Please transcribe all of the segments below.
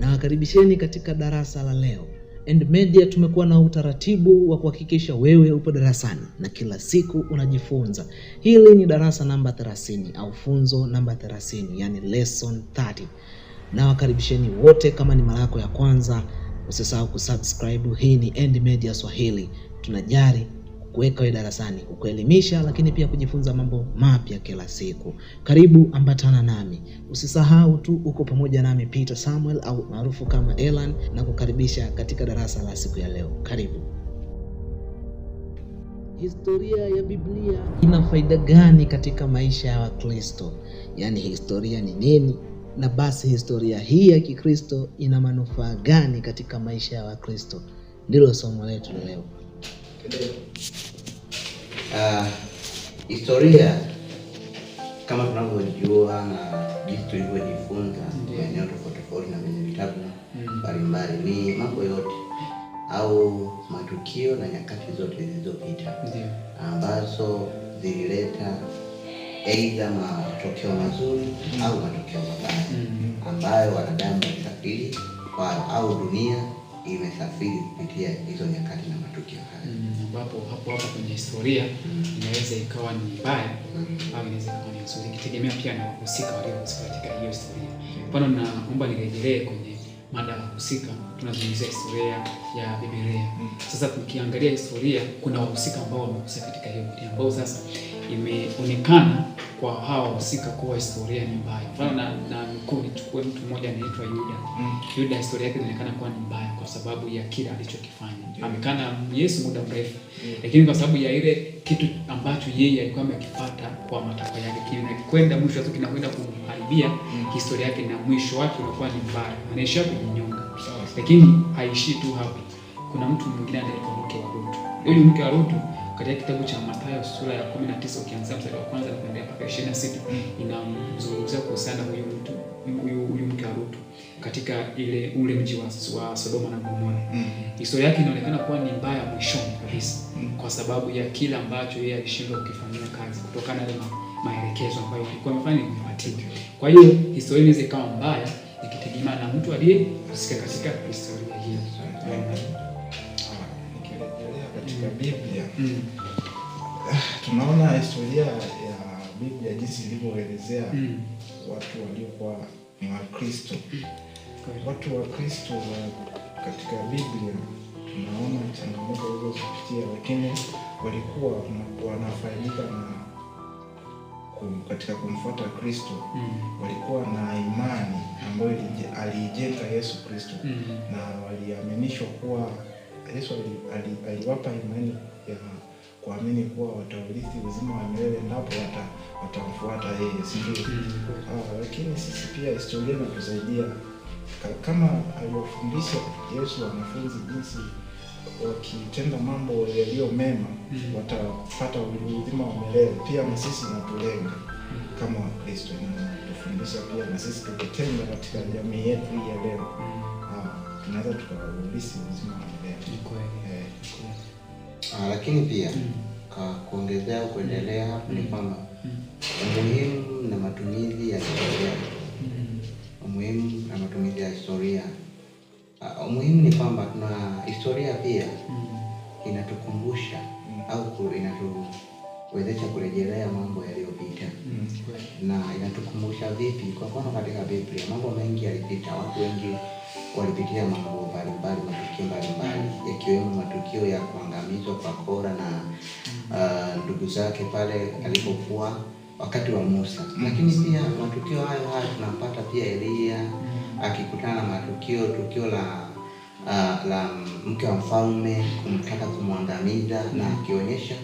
Nawakaribisheni katika darasa la leo. End Media tumekuwa na utaratibu wa kuhakikisha wewe upo darasani na kila siku unajifunza. Hili ni darasa namba 30 au funzo namba 30, yani lesson 30. Nawakaribisheni wote, kama ni mara yako ya kwanza, usisahau kusubscribe. Hii ni End Media Swahili, tunajari kuweka wewe darasani, kukuelimisha, lakini pia kujifunza mambo mapya kila siku. Karibu, ambatana nami, usisahau tu uko pamoja nami Peter Samuel au maarufu kama Elan, na kukaribisha katika darasa la siku ya leo. Karibu. Historia ya Biblia ina faida gani katika maisha ya Wakristo? Yaani, historia ni nini? Na basi historia hii ya Kikristo ina manufaa gani katika maisha ya Wakristo? Ndilo somo letu leo. Uh, historia kama tunavyojua na jinsi tulivyojifunza maeneo tofauti tofauti na kwenye vitabu mm. mbalimbali ni mambo yote au matukio na nyakati zote zilizopita ambazo zilileta aidha matokeo mazuri mm. au matokeo mabaya mm. ambayo wanadamu walisafiri au dunia imesafiri kupitia hizo nyakati na matukio haya, mm, ambapo mm, hapo hapo kwenye historia mm, inaweza ikawa ni mbaya mm, au inaweza ikawa ni nzuri, ikitegemea pia na wahusika waliohusika katika hiyo historia. Mfano, naomba nirejelee kwenye mada husika, tunazungumzia historia ya Biblia. Mm. Sasa tukiangalia historia, kuna wahusika ambao wamehusika katika hiyo ambao sasa imeonekana kwa hawa wahusika kuwa historia ni mbaya. Mfano na na mkuu nichukue mtu mmoja anaitwa Yuda. Mm. Yuda historia yake inaonekana kuwa ni mbaya kwa sababu ya kila alichokifanya. Yeah. Amekaa Yesu muda mrefu. Yeah. Mm. Lakini kwa sababu ya ile kitu ambacho yeye alikuwa amekipata kwa matakwa yake kinakwenda mwisho tu kinakwenda kumharibia. Mm. Historia yake na mwisho wake ulikuwa ni mbaya. Anaishia kumnyonga. Lakini haishii tu hapo. Kuna mtu mwingine anaitwa mke wa Lutu. Huyu mke wa Lutu katika kitabu cha Mathayo sura ya 19 ukianza mstari wa kwanza kuendelea mpaka 26 inamzungumzia kuhusiana huyu mtu huyu huyu mke wa Lutu katika ile ule mji wa, wa Sodoma na Gomora. Mm. Historia yake inaonekana kuwa ni mbaya mwishoni kabisa mm. kwa sababu ya kile ambacho yeye alishindwa kukifanyia kazi kutokana na maelekezo ambayo alikuwa amefanya kupatika. Kwa hiyo historia inaweza ikawa mbaya tegemea na mtu aliyehusika katika historia hii. Katika mm. Biblia mm. Ah, tunaona historia ya Biblia jinsi ilivyoelezea mm. watu waliokuwa ni Wakristo watu wa Kristo katika Biblia tunaona changamoto walizopitia, lakini walikuwa wanafaidika na katika kumfuata Kristo mm. walikuwa na imani ambayo aliijenga Yesu Kristo mm. na waliaminishwa kuwa Yesu aliwapa imani ya kuamini kuwa wataurithi uzima wa milele endapo watamfuata yeye, si ndio? mm. Ah, lakini sisi pia historia inatusaidia kama aliwafundisha Yesu wanafunzi jinsi wakitenda mambo yaliyo mema mm watapata uzima wa milele. Pia na sisi natulenga mm kama Wakristo inatufundisha pia na sisi tukitenda katika jamii yetu hii ya leo mm ah, tunaweza tukaurisi uzima wa milele eh. Ah, lakini pia mm kuongezea kuendelea hapo mm ni kwamba mm. umuhimu na matumizi ya historia, mm. umuhimu na matumizi ya historia Umuhimu ah, ni kwamba tuna historia pia mm. inatukumbusha mm. au inatuwezesha kurejelea mambo yaliyopita mm. na inatukumbusha vipi? Kwa mfano katika Biblia mambo mengi yalipita, watu wengi walipitia mambo mbalimbali, matukio mbalimbali mm. yakiwemo matukio ya kuangamizwa kwa Kora na mm. ah, ndugu uh, zake pale alipokuwa wakati wa Musa mm. Lakini pia matukio hayo haya tunapata pia Elia mm. akikutana na matukio tukio la uh, la mke wa mfalme kumtaka kumwangamiza mm. na mm-hmm. akionyesha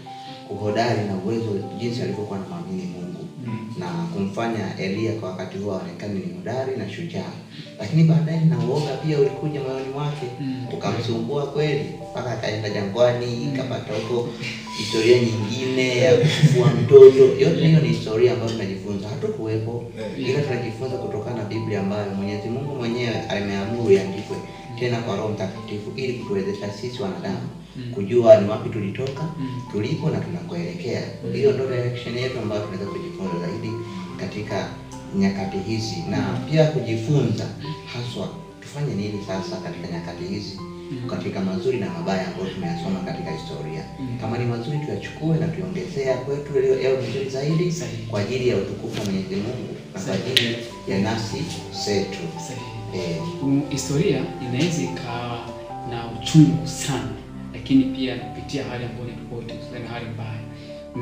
uhodari na uwezo jinsi alivyokuwa na mwamini Mungu mm. na kumfanya Elia kwa wakati huo aonekane ni hodari na shujaa, lakini baadaye na uoga pia ulikuja moyoni mwake mm. Wakamsumbua kweli mpaka akaenda jangwani, ikapata mm. huko historia nyingine ya kufua mtoto. Yote hiyo ni historia ambayo tunajifunza, hatukuwepo, eh. ila tunajifunza kutokana na Biblia ambayo Mwenyezi Mungu mwenyewe ameamuru yandikwe mm. tena kwa Roho Mtakatifu ili kutuwezesha sisi wanadamu mm. kujua ni wapi tulitoka, tulipo na tunakuelekea Hiyo ndo direction yetu ambayo tunaweza kujifunza zaidi katika nyakati hizi, na pia kujifunza haswa tufanye nini sasa katika nyakati hizi mm. Mm-hmm. katika mazuri na mabaya ambayo tumeyasoma katika historia mm. Mm-hmm. Kama ni mazuri tuyachukue na tuongezea kwetu leo mzuri zaidi Sahi. kwa ajili ya utukufu wa Mwenyezi Mungu na kwa ajili ya nafsi zetu eh. Um, historia inaweza ikawa na uchungu sana, lakini pia kupitia hali ambayo ni tofauti na hali mbaya.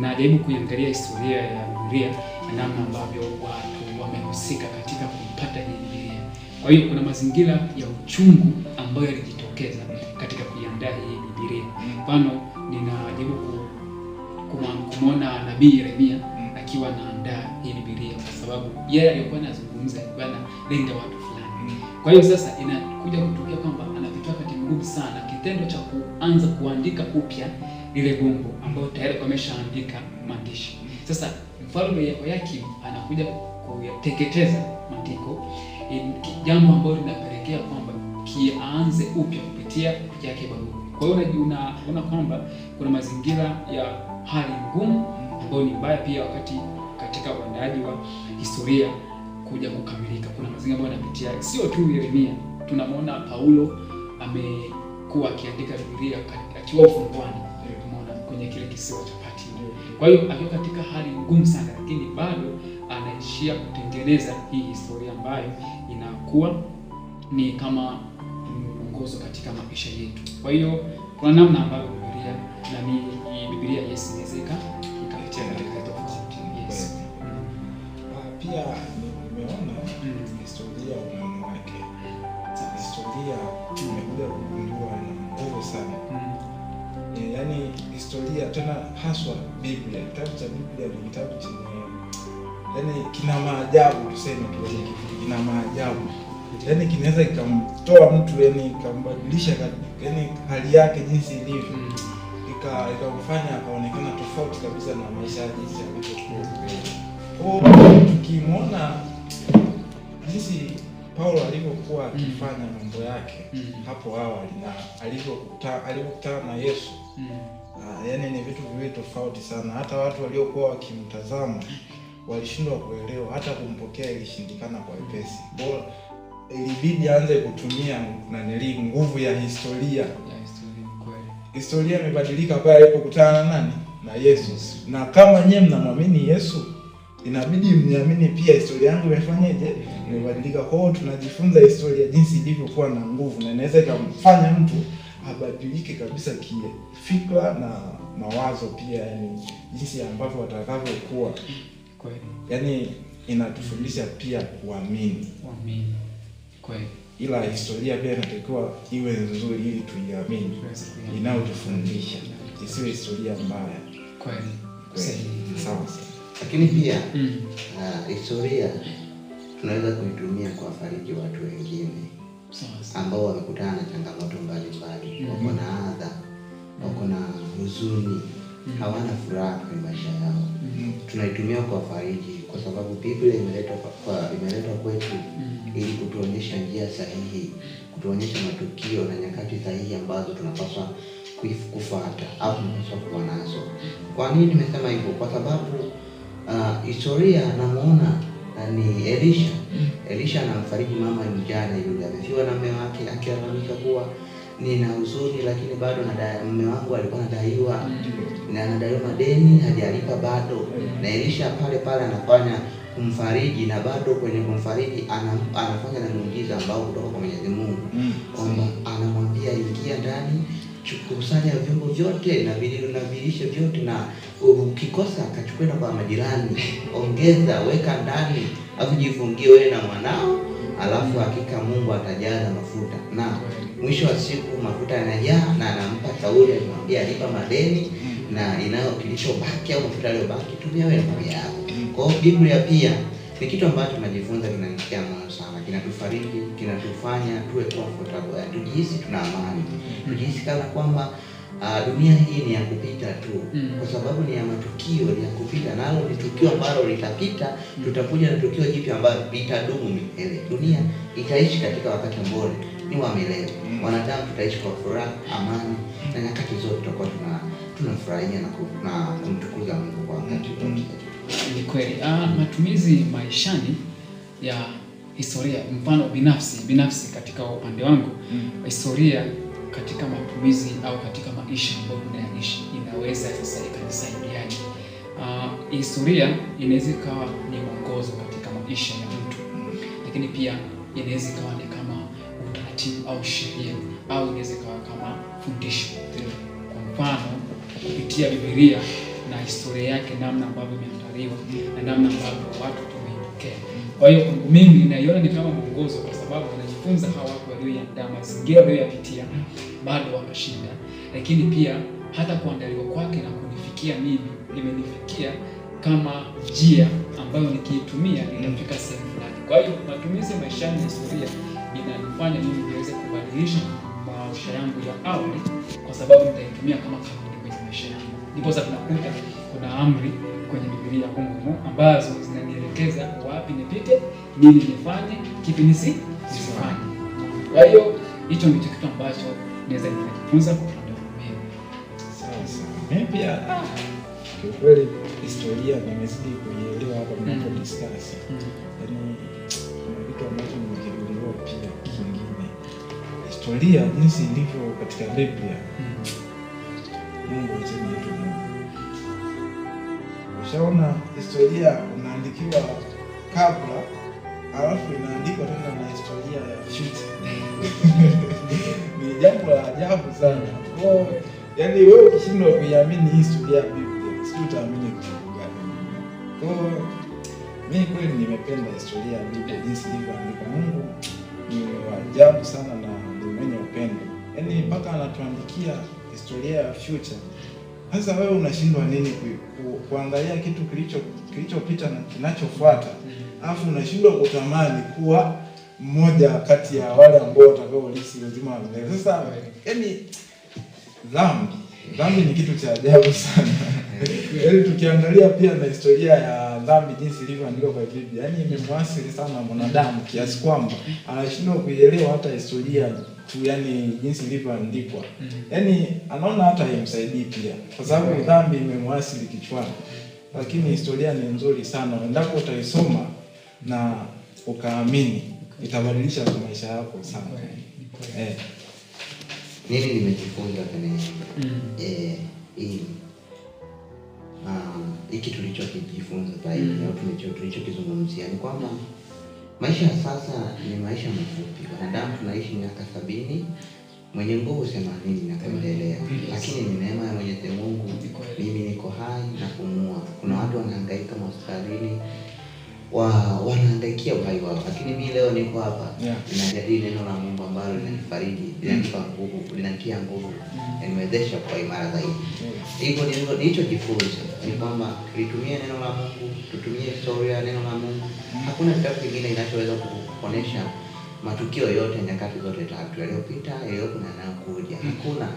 Najaribu kuiangalia historia ya Biblia na namna ambavyo watu wamehusika katika hii Biblia. Kwa hiyo kuna mazingira ya uchungu ambayo kujitokeza katika kuiandaa hii Biblia. Mfano, ninajaribu kumwona nabii Yeremia akiwa anaandaa hii Biblia kwa sababu yeye alikuwa anazungumza alikuwa lenga watu fulani. Kwa hiyo sasa inakuja kutokea kwamba anapitia wakati mgumu sana, kitendo cha kuanza kuandika upya ile gombo ambayo tayari ameshaandika maandishi. Sasa mfalme Yehoyakim anakuja kuyateketeza matiko, jambo ambalo linapelekea kwamba aanze upya kupitia yake barua. Kwa hiyo unajiona unaona kwamba kuna mazingira ya hali ngumu ambayo ni mbaya pia, wakati katika uandaaji wa historia kuja kukamilika, kuna mazingira ambayo yanapitia. Sio tu Yeremia, tunamwona Paulo amekuwa akiandika Biblia akiwa ufungwani, kwenye kile kisiwa cha Pati. Kwa hiyo akiwa katika hali ngumu sana, lakini bado anaishia kutengeneza hii historia ambayo inakuwa ni kama mwongozo katika maisha yetu. Kwa hiyo kuna namna ambayo Biblia na mimi Biblia yes inawezeka ikapitia katika tofauti. Yes. Ah, Pia nimeona mm. historia ya umuhimu Sasa Historia tumekuja kugundua na nguvu sana. Mm. Eh, yaani historia tena haswa Biblia. Kitabu cha Biblia ni kitabu chenye yaani kina maajabu tuseme kile kina maajabu. Mm yani kinaweza kikamtoa mtu yani ikambadilisha yani hali yake jinsi ilivyo mm. ikamfanya akaonekana tofauti kabisa na maisha ya jinsi alivyokuwa. Kwa tukimwona jinsi Paulo alivyokuwa mm. akifanya mm. mambo yake mm. hapo awali na alivyokutana na Yesu mm. Uh, ah, yani ni vitu viwili tofauti sana. Hata watu waliokuwa wakimtazama mm. walishindwa kuelewa, hata kumpokea ilishindikana kwa wepesi mm. bora ilibidi aanze kutumia nanili nguvu ya historia ya historia. historia imebadilika pale alipokutana na nani na Yesu, Na kama nyewe mnamwamini Yesu inabidi mniamini pia, historia yangu imefanyaje? Imebadilika. Kwa tunajifunza historia jinsi ilivyokuwa na nguvu, na inaweza ikamfanya mtu abadilike kabisa kifikra na mawazo pia, yani jinsi ambavyo watakavyokuwa. Kweli, yani inatufundisha pia kuamini, kuamini. Kweli. Ila historia pia inatakiwa iwe nzuri ili tuiamini, inayotufundisha isiwe historia mbaya. Sawa. Lakini pia mm. uh, historia tunaweza kuitumia kuwafariji watu wengine ambao wamekutana na changamoto mbalimbali, wako mm-hmm. na adha, wako na huzuni mm hawana furaha kwenye maisha yao mm tunaitumia kwa fariji kwa sababu Biblia imeletwa kwa imeletwa kwetu mm ili kutuonyesha njia sahihi, kutuonyesha matukio na nyakati sahihi ambazo tunapaswa kufuata au tunapaswa kuwa nazo. Kwa nini nimesema hivyo? Kwa sababu uh, historia namuona ni Elisha. Mhm. Elisha anamfariji mama mjane yule, amefiwa na mume wake, akilalamika kuwa nina huzuni, lakini bado mume wangu alikuwa anadaiwa mhm na anadaiwa madeni hajalipa bado, na Elisha pale pale anafanya kumfariji, na bado kwenye kumfariji anafanya na muujiza ambao kutoka kwa Mwenyezi Mungu mm. kwamba anamwambia ingia ndani kusanya vyombo vyote na vilio na vilisho vyote, na ukikosa kachukua kwa majirani, ongeza, weka ndani, alafu jifungie wewe na mwanao, alafu hakika Mungu atajaza mafuta. Na mwisho wa siku mafuta yanajaa, na anampa Sauli, anamwambia alipa madeni na inayo kilichobaki au mafuta yaliyobaki tumia wewe na familia yako. Kwa hiyo Biblia pia ni kitu ambacho tunajifunza, kinanitia moyo sana, kinatufariji, kinatufanya tuwe comfortable, tujihisi tuna amani, tujihisi kana kwamba Uh, dunia hii ni ya kupita tu mm. Kwa sababu ni ya matukio, ni ya kupita, nalo ni tukio ambalo litapita mm. Tutakuja na tukio jipya ambalo litadumu milele. Dunia itaishi katika wakati ambao ni wa milele mm. Wanadamu tutaishi kwa furaha, amani mm. Na nyakati zote tutakuwa tuna tunafurahia na kumtukuza Mungu kwa wakati wote. Ni kweli. Ah, matumizi maishani ya historia, mfano binafsi binafsi, katika upande wangu mm. historia katika matumizi au katika maisha ambayo tunayaishi inaweza sasa ikanisaidiaje? Uh, historia inaweza ikawa ni mwongozo katika maisha ya mtu lakini pia inaweza ikawa ni kama utaratibu au sheria au inaweza ikawa kama fundisho. Kwa mfano kupitia Biblia na historia yake, namna ambavyo imeandaliwa na namna ambavyo watu tumeipokea. Kwa hiyo kwangu mimi ninaiona ni kama mwongozo, kwa sababu tunajifunza hawa watu walioiandaa, mazingira walioyapitia, bado wanashinda, lakini pia hata kuandaliwa kwake na kunifikia mimi, limenifikia kama njia ambayo nikiitumia nitafika sehemu fulani. Kwa hiyo matumizi maishani ya historia inanifanya mimi niweze kubadilisha maisha yangu ya awali, kwa sababu nitaitumia kama kanuni kwenye maisha yangu. Ndiposa tunakuta kuna amri kwenye Biblia humu ambazo zinanielekeza wapi nipite, nini nifanye, kipi nisifanye. Kwa hiyo hicho ndicho kitu ambacho naweza nikajifunza kutoka pia kiukweli, historia nimezidi kuielewa hapa mnapo mm. discuss, mm. yaani kuna kitu ambacho nimekigundua pia kingine, historia jinsi ilivyo katika Biblia mm. Mungu lazima uitwe Mungu. Ushaona historia unaandikiwa kabla, alafu inaandikwa tena na historia ya vita ni jambo la ajabu sana. Kwa yaani, wewe ukishindwa kuiamini hii historia ya Biblia, sijui utaamini kitu gani? Kwa mimi kweli nimependa historia ya Biblia jinsi ilivyoandikwa. Mungu ni wa ajabu sana na ni mwenye upendo, yaani mpaka anatuandikia historia ya future. Sasa wewe unashindwa nini ku, ku, kuangalia kitu kilicho kilichopita na kinachofuata, mm-hmm. alafu unashindwa kutamani kuwa mmoja kati ya wale ambao watakao lisi uzima wa milele. Sasa yani dhambi dhambi ni kitu cha ajabu sana. yani, tukiangalia pia na historia ya dhambi jinsi ilivyoandikwa kwa Biblia, yani imemwasili sana mwanadamu kiasi kwamba anashindwa kuielewa hata historia tu, yani jinsi ilivyoandikwa mm -hmm. Yani anaona hata haimsaidii pia, kwa sababu mm-hmm. dhambi imemwasili kichwani, lakini historia ni nzuri sana, endapo utaisoma na ukaamini, itabadilisha maisha yako sana. Okay. Eh. Mimi nimejifunza kwenye mm -hmm. eh, um, hiki um, tulichokijifunza sasa hivi mm -hmm. ni kwamba Maisha ya sasa ni maisha mafupi. Wanadamu tunaishi miaka sabini, mwenye nguvu themanini na kuendelea, mm. lakini ni neema ya Mwenyezi Mungu mimi niko hai na kumua. Kuna watu wanahangaika hospitalini wa wanaandikia uhai wao, lakini mimi leo niko hapa yeah. ninajadili neno la Mungu ambalo linanifariji, mm. linanipa nguvu, linatia nguvu, linaniwezesha mm. kwa imara zaidi. Mm. Hivyo ndivyo nilichojifunza ni kwamba litumie neno la Mungu, tutumie historia ya neno la Mungu. Hakuna kitabu kingine kinachoweza kuonyesha matukio yote nyakati zote tatu, yaliyopita, yaliyopo na yanayokuja. Hakuna.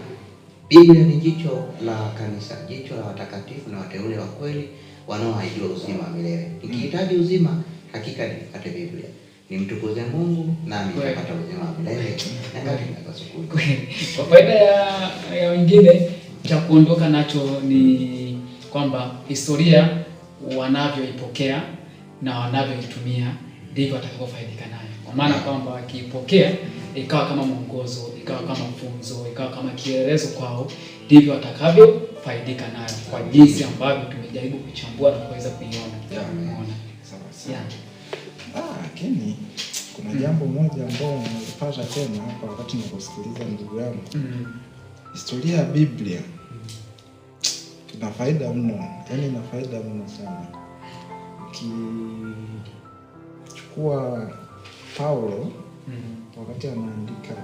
Biblia ni jicho la kanisa, jicho la watakatifu na wateule wa kweli wanaoahidiwa uzima wa milele. Mm. Nikihitaji uzima, hakika nipate Biblia, nimtukuze Mungu nami nitapata uzima wa milele. Kwa faida ya ya wengine, cha kuondoka nacho ni kwamba historia wanavyoipokea na wanavyoitumia ndivyo watakavyofaidika nayo, kwa maana kwamba wakiipokea ikawa kama mwongozo, ikawa kama funzo, ikawa kama kielezo kwao, ndivyo watakavyo kufaidika nayo kwa jinsi ambavyo tumejaribu kuchambua na kuweza kuiona. Sawa sawa. Ah, kuna jambo moja ambalo nimepata tena hapa wakati ninakusikiliza ndugu yangu. Mm. Historia ya Biblia ina faida mno, yaani ina faida mno sana. Ukichukua Paulo mm-hmm. wakati anaandika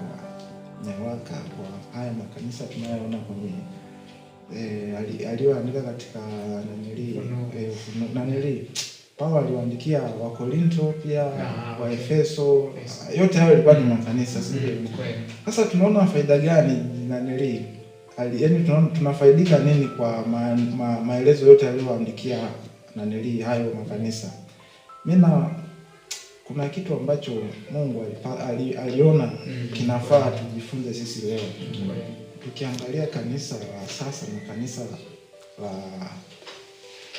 nyaraka kwa haya makanisa tunayoona kwenye eh, aliyoandika katika nanili eh, nanili Paulo aliwaandikia Wakorinto pia ah, Waefeso, yote hayo ilikuwa ni makanisa. Mm, Sasa tunaona faida gani nanili yaani tunaona tunafaidika nini kwa ma, ma, maelezo yote aliyoandikia nanili hayo makanisa? Mimi na kuna kitu ambacho Mungu alipa, ali, aliona mm. kinafaa tujifunze sisi leo. Mm, Ukiangalia kanisa la sasa na kanisa la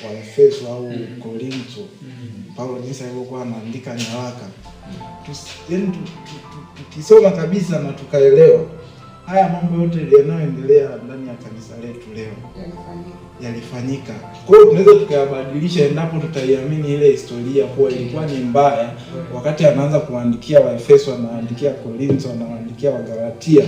Waefeso au mm. korinto mm. Paulo jinsi alivyokuwa anaandika nyaraka yaani tukisoma kabisa na tukaelewa haya mambo yote yanayoendelea ndani ya kanisa letu leo yalifanyika. Kwa hiyo tunaweza tukayabadilisha endapo tutaiamini ile historia kuwa ilikuwa ni mbaya, mm. wakati anaanza kuandikia Waefeso, anaandikia korinto anaandikia Wagalatia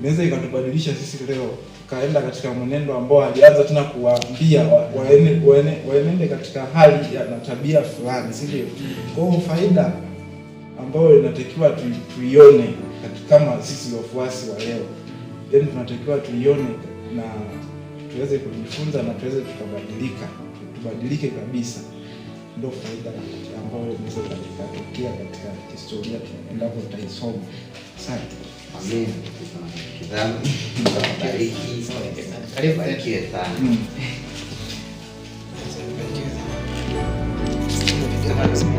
inaweza ikatubadilisha sisi leo tukaenda katika mwenendo ambao alianza tena kuwaambia waende waene, waenende katika hali na tabia fulani, si ndio? Kwa hiyo faida ambayo inatakiwa tu, tuione kama sisi wafuasi wa leo, yaani tunatakiwa tuione na tuweze kujifunza na tuweze tukabadilika, tubadilike kabisa. Ndio faida ambayo inaweza ikatokea katika historia tunaenda tutaisoma. Asante. Amin. Kita, kita, kita, kita, kita, kita, kita.